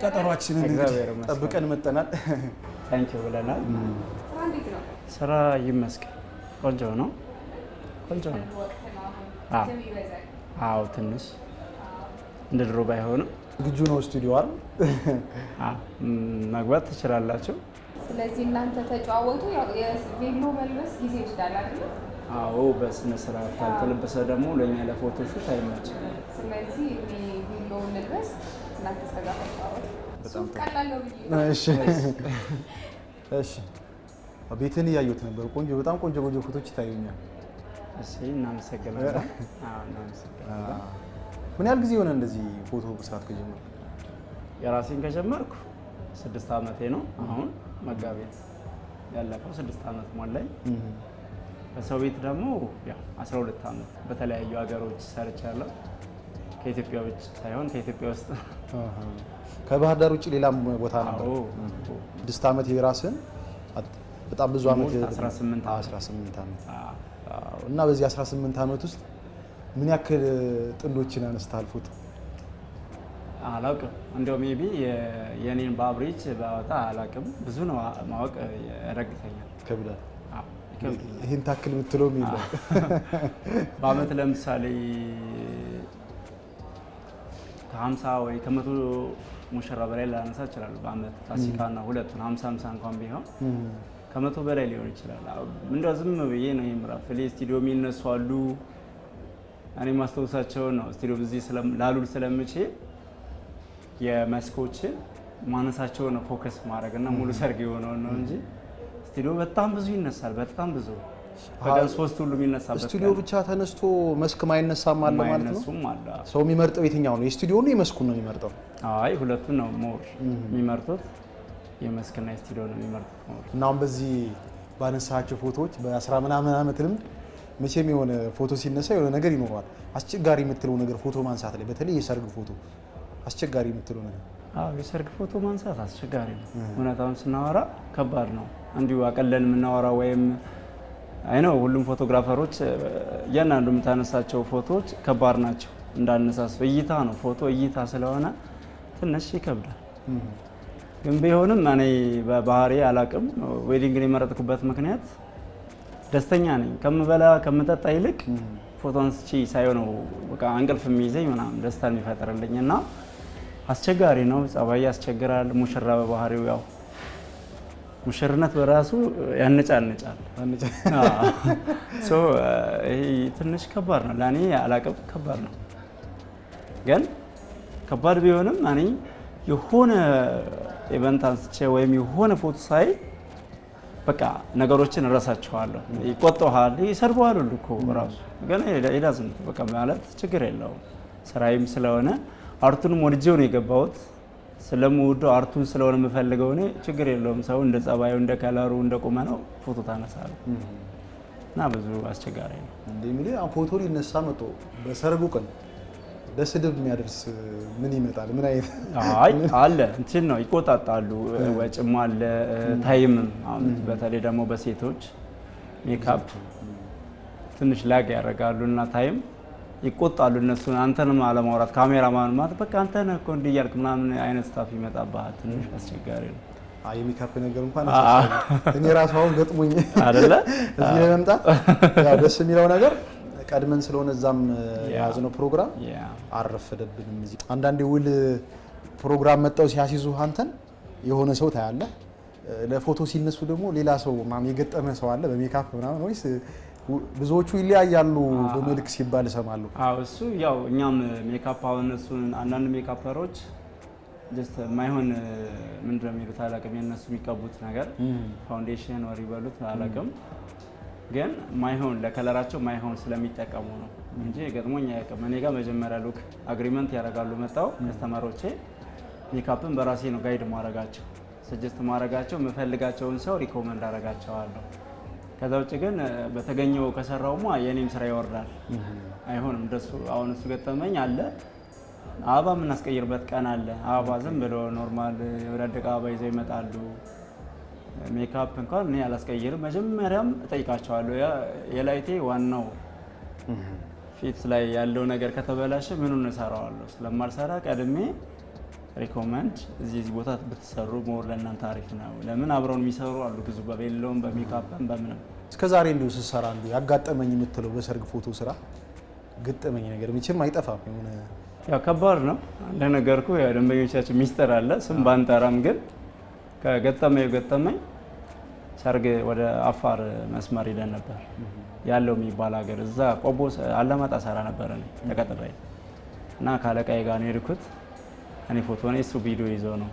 ቀጠሯችንን ጠብቀን መጠናል። ታንኪው ብለናል። ስራ ይመስገን ቆንጆ ነው፣ ቆንጆ ነው። አዎ ትንሽ እንደ ድሮ ባይሆንም ዝግጁ ነው። ስቱዲዮ መግባት ትችላላችሁ። ስለዚህ እናንተ ተጫወቱ ቬሎ መልበስ ጊዜ አይደል? አዎ በስነ ስርዓት ካልተለበሰ ደግሞ ለእኛ ለፎቶሹት አይመችም። ስለዚህ ቤትን እያየሁት ነበር። ቆንጆ በጣም ቆንጆ ቆንጆ ፎቶች ይታዩኛል። እናመሰግናለን። ምን ያህል ጊዜ የሆነ እንደዚህ ፎቶ መስራት ከጀመርኩ? የራሴን ከጀመርኩ ስድስት ዓመቴ ነው። አሁን መጋቤት ያለፈው ስድስት ዓመት ሞላኝ። በሰው ቤት ደግሞ 12 ዓመት በተለያዩ ሀገሮች ሰርቻለሁ። ከኢትዮጵያ ውጭ ሳይሆን ከኢትዮጵያ ውስጥ ከባህር ዳር ውጭ ሌላም ቦታ ነበር። ስድስት ዓመት የራስን በጣም ብዙ ዓመት 18 ዓመት እና በዚህ 18 ዓመት ውስጥ ምን ያክል ጥንዶችን አነስተ አልፎት አላውቅም እንደው ሜቢ የኔን በአብሬጅ በወጣ አላውቅም። ብዙ ነው ማወቅ ያዳግተኛል፣ ከብዳል ይህን ታክል ብትለው የሚለው በአመት ለምሳሌ ከሀምሳ ወይ ከመቶ ሙሽራ በላይ ላነሳ ይችላሉ። በአመት ፋሲካና ሁለቱን ሀምሳ ሀምሳ እንኳን ቢሆን ከመቶ በላይ ሊሆን ይችላል። እንደው ዝም ብዬ ነው ይህ ምራፍ ላ ስቱዲዮ የሚነሱ አሉ። እኔ ማስታወሳቸውን ነው ስቱዲዮ እዚህ ላሉል ስለምችል የመስኮችን ማነሳቸውን ነው ፎከስ ማድረግ እና ሙሉ ሰርግ የሆነውን ነው እንጂ ስቱዲዮ በጣም ብዙ ይነሳል። በጣም ብዙ በቀን ሶስት ሁሉ የሚነሳበት ስቱዲዮ ብቻ ተነስቶ መስክ ማይነሳም አለ ማለት ነው። ሰው የሚመርጠው የትኛው ነው? የስቱዲዮ ነው የመስኩ ነው የሚመርጠው? አይ ሁለቱን ነው ሞር የሚመርጡት፣ የመስክና የስቱዲዮ ነው የሚመርጡት ሞር። እናም በዚህ ባነሳቸው ፎቶዎች በአስራ ምናምን ዓመት ልምድ መቼም የሆነ ፎቶ ሲነሳ የሆነ ነገር ይኖረዋል። አስቸጋሪ የምትለው ነገር ፎቶ ማንሳት ላይ በተለይ የሰርግ ፎቶ አስቸጋሪ የምትለው ነገር የሰርግ ፎቶ ማንሳት አስቸጋሪ ነው። እውነታውን ስናወራ ከባድ ነው። እንዲሁ አቀለን የምናወራ ወይም አይ ነው ሁሉም ፎቶግራፈሮች እያንዳንዱ የምታነሳቸው ፎቶዎች ከባድ ናቸው። እንዳነሳስ እይታ ነው ፎቶ እይታ ስለሆነ ትንሽ ይከብዳል። ግን ቢሆንም እኔ በባህሪ አላቅም። ዌዲንግን የመረጥኩበት ምክንያት ደስተኛ ነኝ። ከምበላ ከምጠጣ ይልቅ ፎቶ አንስቼ ሳይሆን ነው በቃ እንቅልፍ የሚይዘኝ ምናምን ደስታ የሚፈጥርልኝ እና አስቸጋሪ ነው። ጸባይ ያስቸግራል። ሙሽራ በባህሪው ያው ሙሽርነት በራሱ ያነጫንጫል። ይሄ ትንሽ ከባድ ነው ለእኔ አላቅም። ከባድ ነው ግን ከባድ ቢሆንም እኔ የሆነ ኢቨንት አንስቼ ወይም የሆነ ፎቶ ሳይ በቃ ነገሮችን እረሳቸዋለሁ። ይቆጠሃል፣ ይሰርበዋል እኮ ራሱ ግን ሄዳዝ በቃ ማለት ችግር የለውም ስራዬም ስለሆነ አርቱን ወድጄው ነው የገባሁት። ስለምወደው አርቱን ስለሆነ የምፈልገው እኔ ችግር የለውም። ሰው እንደ ጸባዩ፣ እንደ ከለሩ፣ እንደ ነው ፎቶ ታነሳለ እና ብዙ አስቸጋሪ ነው። እንደ ፎቶ ሊነሳ መቶ በሰርጉ ቀን ለስድብ የሚያደርስ ምን ይመጣል? ምን አይነት አይ አለ እንትን ነው ይቆጣጣሉ። ወጭም አለ ታይምም። አሁን በተለይ ደግሞ በሴቶች ሜካፕ ትንሽ ላግ ያደርጋሉ እና ታይም ይቆጣሉ። እነሱ አንተንም አለማውራት ካሜራማን ማለት በቃ አንተ ነህ እኮ እንዲህ እያልክ ምናምን አይነት ስታፍ ይመጣብሃል። ትንሽ አስቸጋሪ ነው። የሚካፕ ነገር እንኳን እኔ ራሱ አሁን ገጥሞኝ አይደለ እዚህ ለመምጣት ደስ የሚለው ነገር ቀድመን ስለሆነ እዛም የያዝነው ፕሮግራም አረፈደብንም። እዚህ አንዳንድ ውል ፕሮግራም መጣው ሲያስይዙ አንተን የሆነ ሰው ታያለህ። ለፎቶ ሲነሱ ደግሞ ሌላ ሰው የገጠመ ሰው አለ በሜካፕ ምናምን ወይስ ብዙዎቹ ይለያያሉ በመልክ ሲባል ይሰማሉ። እሱ ያው እኛም ሜካፕ አሁን እነሱን አንዳንድ ሜካፐሮች ጀስት የማይሆን ምንድን የሚሉት አላውቅም። የእነሱ የሚቀቡት ነገር ፋውንዴሽን ወር ይበሉት አላውቅም፣ ግን ማይሆን ለከለራቸው ማይሆን ስለሚጠቀሙ ነው እንጂ ገጥሞኝ አያውቅም። እኔ ጋር መጀመሪያ ሉክ አግሪመንት ያደርጋሉ መጣው ከስተመሮቼ ሜካፕን በራሴ ነው ጋይድ ማረጋቸው፣ ስጅስት ማረጋቸው፣ የምፈልጋቸውን ሰው ሪኮመንድ አረጋቸዋለሁ። ከዛ ውጭ ግን በተገኘው ከሰራውማ የእኔም ስራ ይወርዳል። አይሆንም እንደሱ። አሁን እሱ ገጠመኝ አለ አበባ የምናስቀይርበት ቀን አለ። አበባ ዝም ብሎ ኖርማል የወዳደቀ አበባ ይዘው ይመጣሉ። ሜካፕ እንኳን እኔ አላስቀይርም። መጀመሪያም እጠይቃቸዋለሁ። የላይቴ ዋናው ፊት ላይ ያለው ነገር ከተበላሸ ምኑን እሰራዋለሁ? ስለማልሰራ ቀድሜ ሪኮመንድ እዚህ እዚህ ቦታ ብትሰሩ ሞር ለእናንተ አሪፍ ነው። ለምን አብረውን የሚሰሩ አሉ ብዙ በቬሎም በሜካፕም በምንም። እስከ ዛሬ እንዲሁ ስሰራ አንዱ ያጋጠመኝ የምትለው በሰርግ ፎቶ ስራ ገጠመኝ ነገር መቼም አይጠፋም። የሆነ ያው ከባድ ነው እንደነገርኩ ደንበኞቻችን ሚስጥር አለ ስም ባንጠራም፣ ግን ከገጠመኝ ገጠመኝ ሰርግ ወደ አፋር መስመር ሄደን ነበር ያለው የሚባል ሀገር እዛ ቆቦ አለማጣ ሰራ ነበረ ተቀጥሬ እና ከአለቃዬ ጋር ነው የሄድኩት እኔ ፎቶኔ እሱ ቪዲዮ ይዞ ነው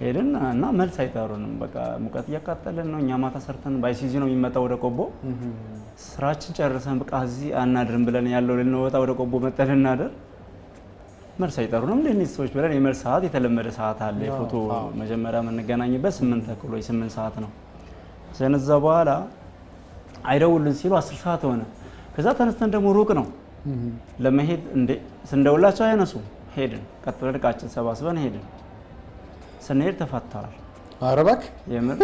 ሄድን እና መልስ አይጠሩንም። በቃ ሙቀት እያቃጠለን ነው። እኛ ማታ ሰርተን ባይሲዚ ነው የሚመጣ ወደ ቆቦ። ስራችን ጨርሰን በቃ እዚህ አናድርም ብለን ያለው ልንወጣ ወደ ቆቦ መጠን እናደር መልስ አይጠሩንም። እንደ ሰዎች ብለን የመልስ ሰዓት የተለመደ ሰዓት አለ። የፎቶ መጀመሪያ የምንገናኝበት ስምንት ተክሎ የስምንት ሰዓት ነው። ስንዛ በኋላ አይደውልን ሲሉ አስር ሰዓት ሆነ። ከዛ ተነስተን ደግሞ ሩቅ ነው ለመሄድ እንደ ስንደውላቸው አይነሱም ሄድን። ቀጥለን እቃችን ሰባስበን ሄድን። ስንሄድ ተፋተናል። ኧረ እባክህ የምር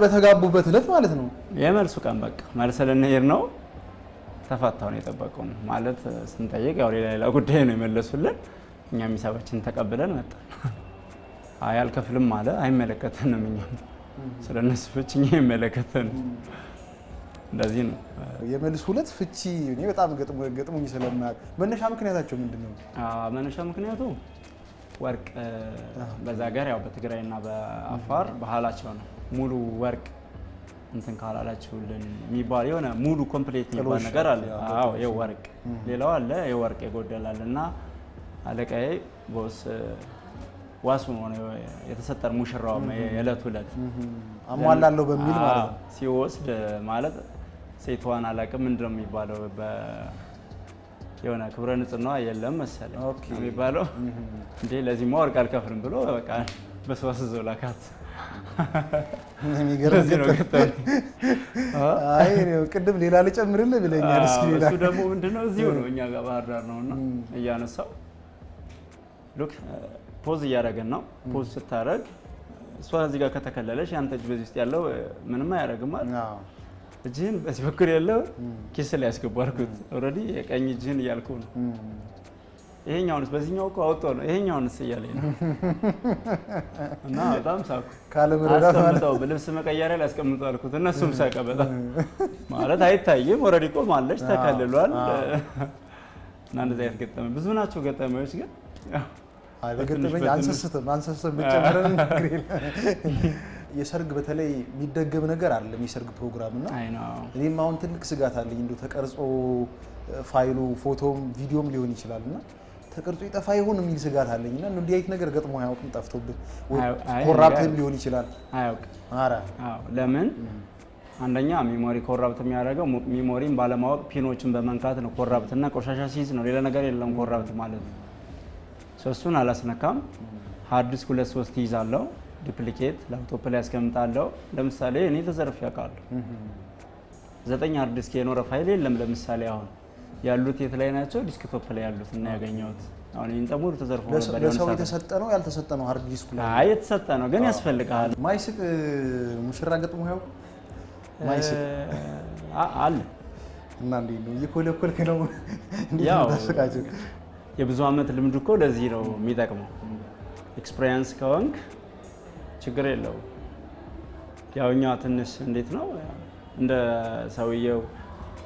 በተጋቡበት እለት ማለት ነው። የመልሱ ቀን በቃ መልስ ልንሄድ ነው። ተፋታውን የጠበቀው ማለት ስንጠይቅ ያው ሌላ ሌላ ጉዳይ ነው የመለሱልን። እኛም ሂሳባችን ተቀብለን መጣን። አይ አልከፍልም አለ። አይመለከተንም እኛም ስለነሱ ብቻ እኛ ይመለከተን እንደዚህ ነው። የመልስ ሁለት ፍቺ እኔ በጣም ገጥሞ ገጥሞኝ ስለማያውቅ መነሻ ምክንያታቸው ምንድን ነው? መነሻ ምክንያቱ ወርቅ በዛ ሀገር ያው በትግራይና በአፋር ባህላቸው ነው። ሙሉ ወርቅ እንትን ካላላችሁልን የሚባል የሆነ ሙሉ ኮምፕሌት የሚባል ነገር አለ። አዎ የወርቅ ሌላው አለ የወርቅ የጎደላል እና አለቃዬ ቦስ ዋስ ነው የተሰጠን ሙሽራዋ የዕለት ዕለት አሟላለሁ በሚል ማለት ነው ሲወስድ ማለት ሴቷን አላውቅም ምንድን ነው የሚባለው የሆነ ክብረ ንጽህና የለም መሰለኝ የሚባለው እንዴ ለዚህማ ወርቅ አልከፍልም ብሎ በቃ በሰዋስ ዘው ላካት ቅድም ሌላ ልጨምርልህ ብለኛል እሱ ደግሞ ምንድነው እዚሁ ነው እኛ ጋር ባህር ዳር ነው እና እያነሳው ሉክ ፖዝ እያደረግን ነው። ፖዝ ስታደረግ እሷ እዚህ ጋር ከተከለለች ያንተ እጅ በዚህ ውስጥ ያለው ምንም አያደረግማል። እጅህን በዚህ በኩል ያለው ኪስ ላይ ያስገቡ አልኩት። ኦልሬዲ የቀኝ እጅህን እያልኩ ነው። ይሄኛውንስ በዚህኛው እኮ አውጥቶ ነው ይሄኛውንስ እያለኝ ነው። እና በጣም ሳኩ። አስቀምጠው ልብስ መቀየሪያ ላይ አስቀምጠው አልኩት። እነሱም ሳቀ በጣም ማለት አይታይም። ኦልሬዲ ቆም አለች ተከልሏል። እና እንደዚህ አይነት ገጠመ ብዙ ናቸው ገጠመዎች ግን ገጠመኝ አንሰስትም አንሰስትም ብጨምረን የሰርግ በተለይ የሚደገም ነገር አለም የሰርግ ፕሮግራም እና እኔም አሁን ትልቅ ስጋት አለኝ እንዲ ተቀርጾ ፋይሉ ፎቶም ቪዲዮም ሊሆን ይችላል እና ተቀርጾ ይጠፋ ይሆን የሚል ስጋት አለኝ እና እንዲህ አይነት ነገር ገጥሞ አያውቅም። ጠፍቶብን ኮራፕትም ሊሆን ይችላል አያውቅም። ለምን አንደኛ ሚሞሪ ኮራፕት የሚያደርገው ሚሞሪን ባለማወቅ ፒኖችን በመንካት ነው። ኮራፕት እና ቆሻሻ ሲይዝ ነው። ሌላ ነገር የለም ኮራፕት ማለት ነው። ሶስቱን አላስነካም። ሃርድ ዲስክ ሁለት ሶስት ይይዛለው፣ ዱፕሊኬት ላፕቶፕ ላይ ያስቀምጣለሁ። ለምሳሌ እኔ ተዘርፍ አውቃለሁ። ዘጠኝ ሃርድ ዲስክ የኖረ ፋይል የለም። ለምሳሌ አሁን ያሉት የት ላይ ናቸው? ዲስክቶፕ ላይ ያሉት እና ያገኘሁት አሁን ይህን ጠሙር ተዘርፎ ለሰው የተሰጠ ነው ያልተሰጠ ነው? ሃርድ ዲስኩ ላይ የተሰጠ ነው፣ ግን ያስፈልግሃል። ማይስቅ ሙሽራ ገጥሞ ያው ማይስቅ አለ እና እንዴት ነው እየኮለኮልክ ነው? ያው የብዙ ዓመት ልምድ እኮ ለዚህ ነው የሚጠቅመው። ኤክስፔሪንስ ከወንክ ችግር የለው። ያውኛዋ ትንሽ እንዴት ነው እንደ ሰውየው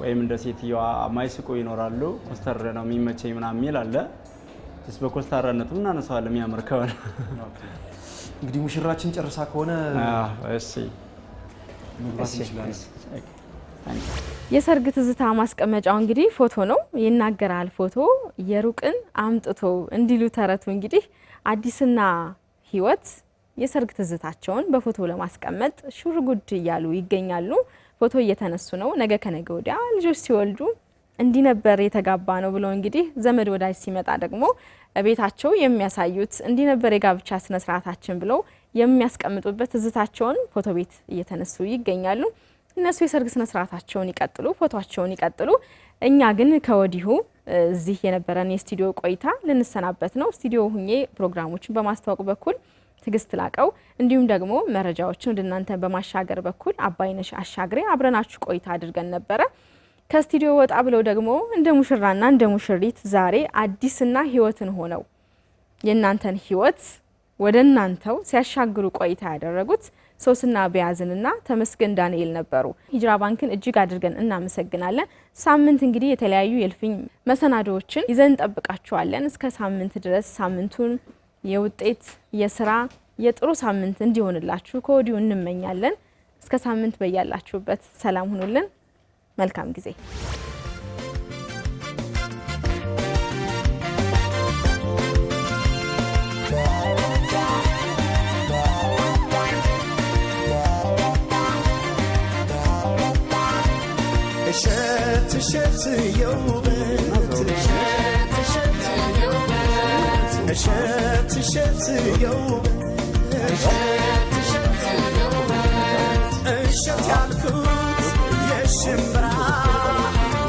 ወይም እንደ ሴትየዋ ማይስቁ ይኖራሉ። ኮስተር ነው የሚመቸኝ ምናምን የሚል አለ። ስ በኮስታራነቱ እናነሳዋለን። የሚያምር ከሆነ እንግዲህ ሙሽራችን ጨርሳ ከሆነ መግባት እንችላለን። የሰርግ ትዝታ ማስቀመጫው እንግዲህ ፎቶ ነው። ይናገራል ፎቶ የሩቅን አምጥቶ እንዲሉ ተረቱ። እንግዲህ አዲስና ህይወት የሰርግ ትዝታቸውን በፎቶ ለማስቀመጥ ሹርጉድ እያሉ ይገኛሉ። ፎቶ እየተነሱ ነው። ነገ ከነገ ወዲያ ልጆች ሲወልዱ እንዲህ ነበር የተጋባ ነው ብለው እንግዲህ ዘመድ ወዳጅ ሲመጣ ደግሞ ቤታቸው የሚያሳዩት እንዲህ ነበር የጋብቻ ስነስርዓታችን ብለው የሚያስቀምጡበት ትዝታቸውን ፎቶ ቤት እየተነሱ ይገኛሉ። እነሱ የሰርግ ስነ ስርዓታቸውን ይቀጥሉ፣ ፎቶቸውን ይቀጥሉ። እኛ ግን ከወዲሁ እዚህ የነበረን የስቱዲዮ ቆይታ ልንሰናበት ነው። ስቱዲዮ ሁኜ ፕሮግራሞችን በማስተዋወቅ በኩል ትግስት ላቀው እንዲሁም ደግሞ መረጃዎችን ወደ እናንተ በማሻገር በኩል አባይነሽ አሻግሬ አብረናችሁ ቆይታ አድርገን ነበረ። ከስቱዲዮ ወጣ ብለው ደግሞ እንደ ሙሽራና እንደ ሙሽሪት ዛሬ አዲስና ህይወትን ሆነው የእናንተን ህይወት ወደ እናንተው ሲያሻግሩ ቆይታ ያደረጉት ሶስና ቢያዝንና ተመስገን ዳንኤል ነበሩ። ሂጅራ ባንክን እጅግ አድርገን እናመሰግናለን። ሳምንት እንግዲህ የተለያዩ የእልፍኝ መሰናዶዎችን ይዘን እንጠብቃችኋለን። እስከ ሳምንት ድረስ ሳምንቱን የውጤት የስራ የጥሩ ሳምንት እንዲሆንላችሁ ከወዲሁ እንመኛለን። እስከ ሳምንት በያላችሁበት ሰላም ሁኑልን። መልካም ጊዜ እሸት የውበት እሸት እሸት የውበት እሸት ያልኩት የሽምብራ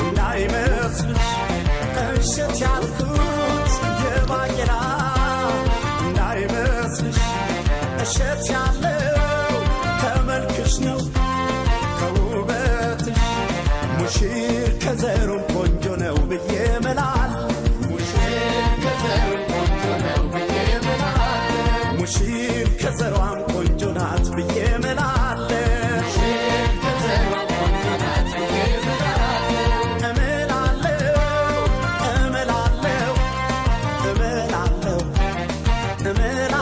እንዳይመስልሽ እሸት ያልኩት የባቄላ እንዳይመስልሽ እሸት ያለው ተመልክሽ ነው ከውበትሽ ሙሽ that